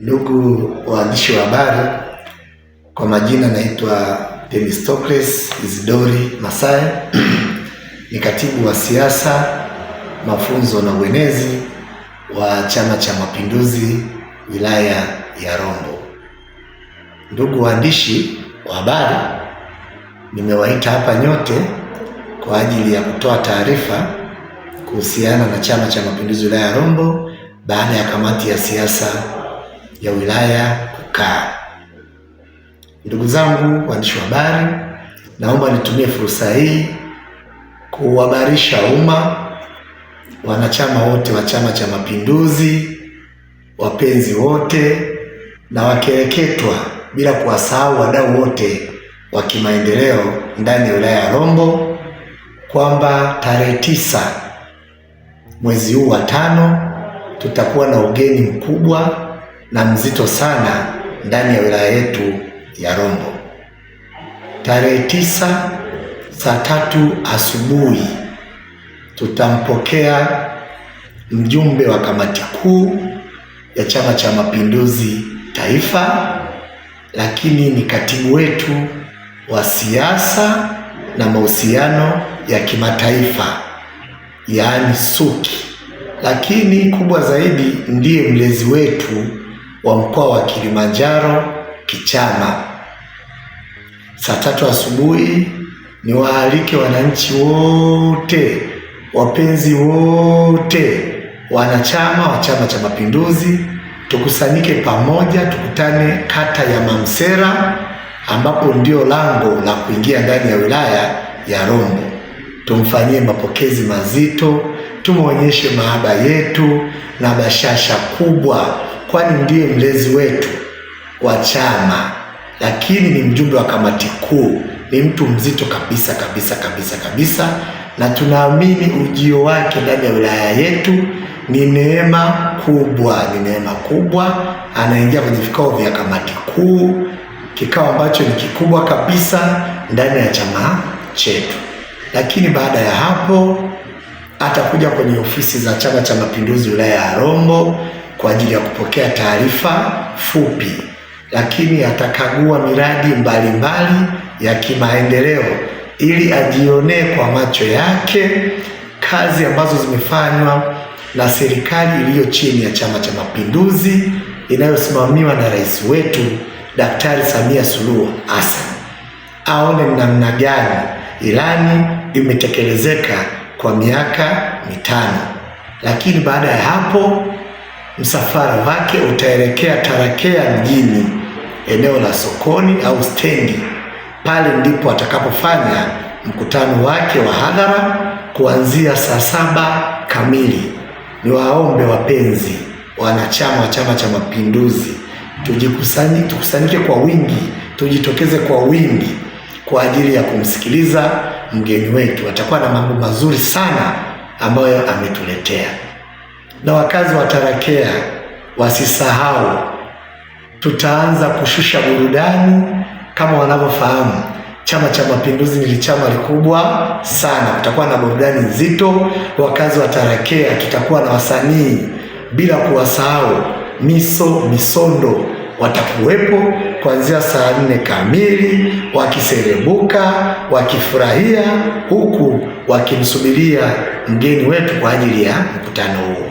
Ndugu waandishi wa habari, kwa majina naitwa Themistocles Isidori Masai ni katibu wa siasa, mafunzo na uenezi wa Chama cha Mapinduzi wilaya ya Rombo. Ndugu waandishi wa habari, nimewaita hapa nyote kwa ajili ya kutoa taarifa kuhusiana na Chama cha Mapinduzi wilaya ya Rombo baada ya kamati ya siasa ya wilaya kukaa. Ndugu zangu waandishi wa habari, naomba nitumie fursa hii kuhabarisha umma, wanachama wote wa Chama cha Mapinduzi, wapenzi wote na wakereketwa, bila kuwasahau wadau wote wa kimaendeleo ndani ya wilaya ya Rombo kwamba tarehe tisa mwezi huu wa tano tutakuwa na ugeni mkubwa na mzito sana ndani ya wilaya yetu ya Rombo. Tarehe tisa saa tatu asubuhi tutampokea mjumbe wa kamati kuu ya Chama cha Mapinduzi Taifa, lakini ni katibu wetu wa siasa na mahusiano ya kimataifa, yaani SUKI, lakini kubwa zaidi ndiye mlezi wetu wa mkoa wa Kilimanjaro Kichama. Saa tatu asubuhi ni waalike wananchi wote, wapenzi wote, wanachama wa Chama cha Mapinduzi, tukusanyike pamoja, tukutane kata ya Mamsera ambapo ndio lango la kuingia ndani ya wilaya ya Rombo. Tumfanyie mapokezi mazito, tumwonyeshe mahaba yetu na bashasha kubwa kwani ndiye mlezi wetu wa chama, lakini ni mjumbe wa kamati kuu. Ni mtu mzito kabisa kabisa kabisa kabisa, na tunaamini ujio wake ndani ya wilaya yetu ni neema kubwa, ni neema kubwa. Anaingia kwenye vikao vya kamati kuu, kikao ambacho ni kikubwa kabisa ndani ya chama chetu, lakini baada ya hapo atakuja kwenye ofisi za Chama cha Mapinduzi wilaya ya Rombo kwa ajili ya kupokea taarifa fupi, lakini atakagua miradi mbalimbali mbali ya kimaendeleo ili ajionee kwa macho yake kazi ambazo zimefanywa na serikali iliyo chini ya Chama cha Mapinduzi inayosimamiwa na rais wetu Daktari Samia Suluhu Hassan, aone ni namna gani ilani imetekelezeka kwa miaka mitano. Lakini baada ya hapo msafara wake utaelekea Tarakea mjini, eneo la sokoni au stendi. Pale ndipo atakapofanya mkutano wake wa hadhara kuanzia saa saba kamili. Ni waombe wapenzi wanachama wa Chama cha Mapinduzi, tujikusanyike, tukusanyike kwa wingi, tujitokeze kwa wingi kwa ajili ya kumsikiliza mgeni wetu. Atakuwa na mambo mazuri sana ambayo ametuletea na wakazi wa Tarakea wasisahau, tutaanza kushusha burudani kama wanavyofahamu Chama cha Mapinduzi ni chama likubwa sana. Kutakuwa na burudani nzito. Wakazi wa Tarakea tutakuwa na wasanii, bila kuwasahau Miso Misondo watakuwepo kuanzia saa nne kamili, wakiserebuka wakifurahia, huku wakimsubiria mgeni wetu kwa ajili ya mkutano huo.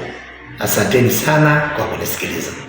Asanteni sana kwa kunisikiliza.